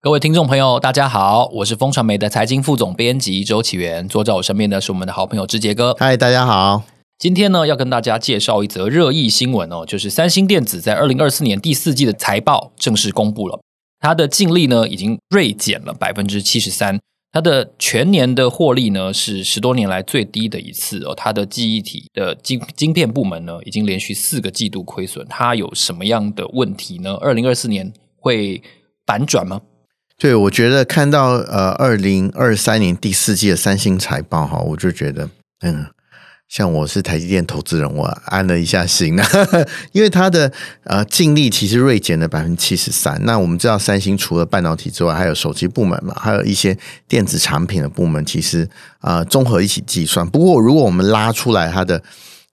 各位聽眾朋友，大家好，我是風傳媒的財經副總編輯周岐原。坐在我身邊的是我們的好朋友之杰哥。嗨，大家好，今天呢要跟大家介紹一則熱議新聞哦，就是三星電子在二零二四年第四季的財報正式公布了，它的淨利呢已經銳減了百分之七十三，它的全年的獲利呢是十多年來最低的一次哦。它的記憶體的晶晶，晶片部門呢已經連續四個季度虧損，它有什麼樣的問題呢？二零二四年會反轉嗎？對，我覺得看到呃，二零二三年第四季的三星財報哈，我就覺得嗯，像我是台積電投資人，我安了一下心哈，因為它的呃淨利其實銳減了百分之七十三。那我們知道，三星除了半導體之外，還有手機部門嘛，還有一些電子產品的部門，其實啊、呃、綜合一起計算。不過如果我們拉出來它的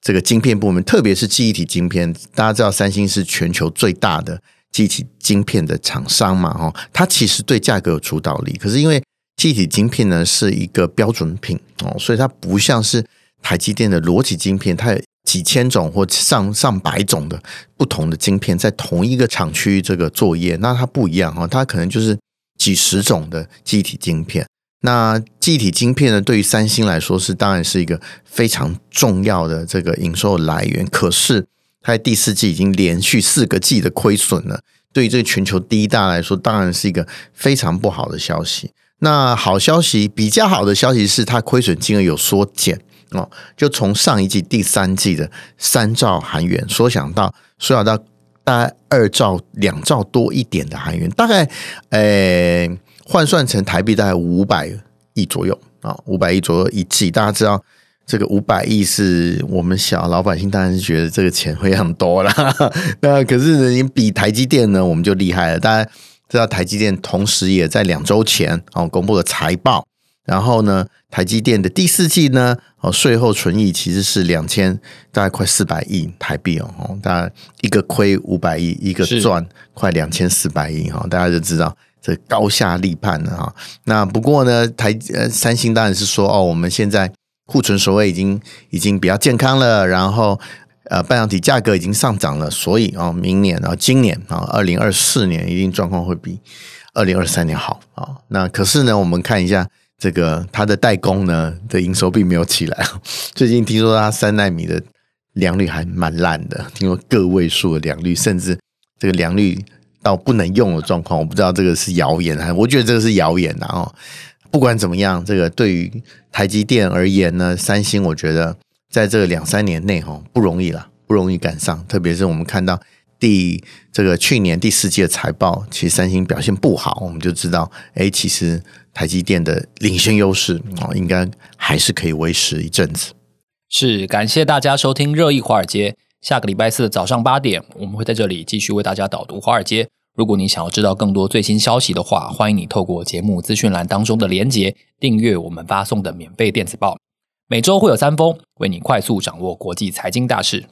這個晶片部門，特別是記憶體晶片，大家知道三星是全球最大的。記憶體晶片的廠商嘛，哦，它其實對價格有主導力。可是因為記憶體晶片呢是一個標準品哦，所以它不像是台積電的邏輯晶片，它有幾千種或上上百種的不同的晶片在同一個廠區這個作業，那它不一樣哈，它可能就是幾十種的記憶體晶片。那記憶體晶片呢，對於三星來說是當然是一個非常重要的這個營收的來源，可是，它在第四季已經連續四個季的虧損了，對於這個全球第一大來說，當然是一個非常不好的消息。那好消息，比較好的消息是它虧損金額有縮減哦，就從上一季第三季的三兆韓元，縮小到縮小到大概二兆兩兆多一點的韓元，大概呃換算成台幣大概五百億左右啊，五百億左右一季，大家知道。這個五百億是我們小老百姓當然是覺得這個錢會很多了， 那可是你比台積電呢，我們就厲害了。大家知道台積電同時也在兩周前哦公布了財報，然後呢，台積電的第四季呢哦稅後存益其實是兩千大概快四百億台幣哦，哦，大家一個虧五百億，一個賺快兩千四百億哈、哦，是大家就知道這個、高下立判了哈、哦。那不過呢，台呃三星當然是說哦，我們現在。庫存所謂已經已經比較健康了，然後呃，半導體價格已經上漲了，所以啊、哦，明年啊，今年啊，二零二四年一定狀況會比二零二三年好啊、哦。那可是呢，我們看一下這個它的代工呢的營收並沒有起來。最近聽說它三奈米的良率還蠻爛的，聽說個位數的良率，甚至這個良率到不能用的狀況，我不知道這個是謠言還我覺得這個是謠言啊。哦不管怎麼樣，這個對於台積電而言呢，三星我覺得在這個兩三年內哈不容易了，不容易趕上。特別是我們看到第這個去年第四季的財報，其實三星表現不好，我們就知道，哎，其實台積電的領先優勢啊，應該還是可以維持一陣子。是，感謝大家收聽《熱議華爾街》，下個禮拜四的早上八點，我們會在這裡繼續為大家導讀《華爾街》。如果你想要知道更多最新消息的話，歡迎你透過節目資訊欄當中的連結，訂閱我們發送的免費電子報，每週會有三封，為你快速掌握國際財經大事。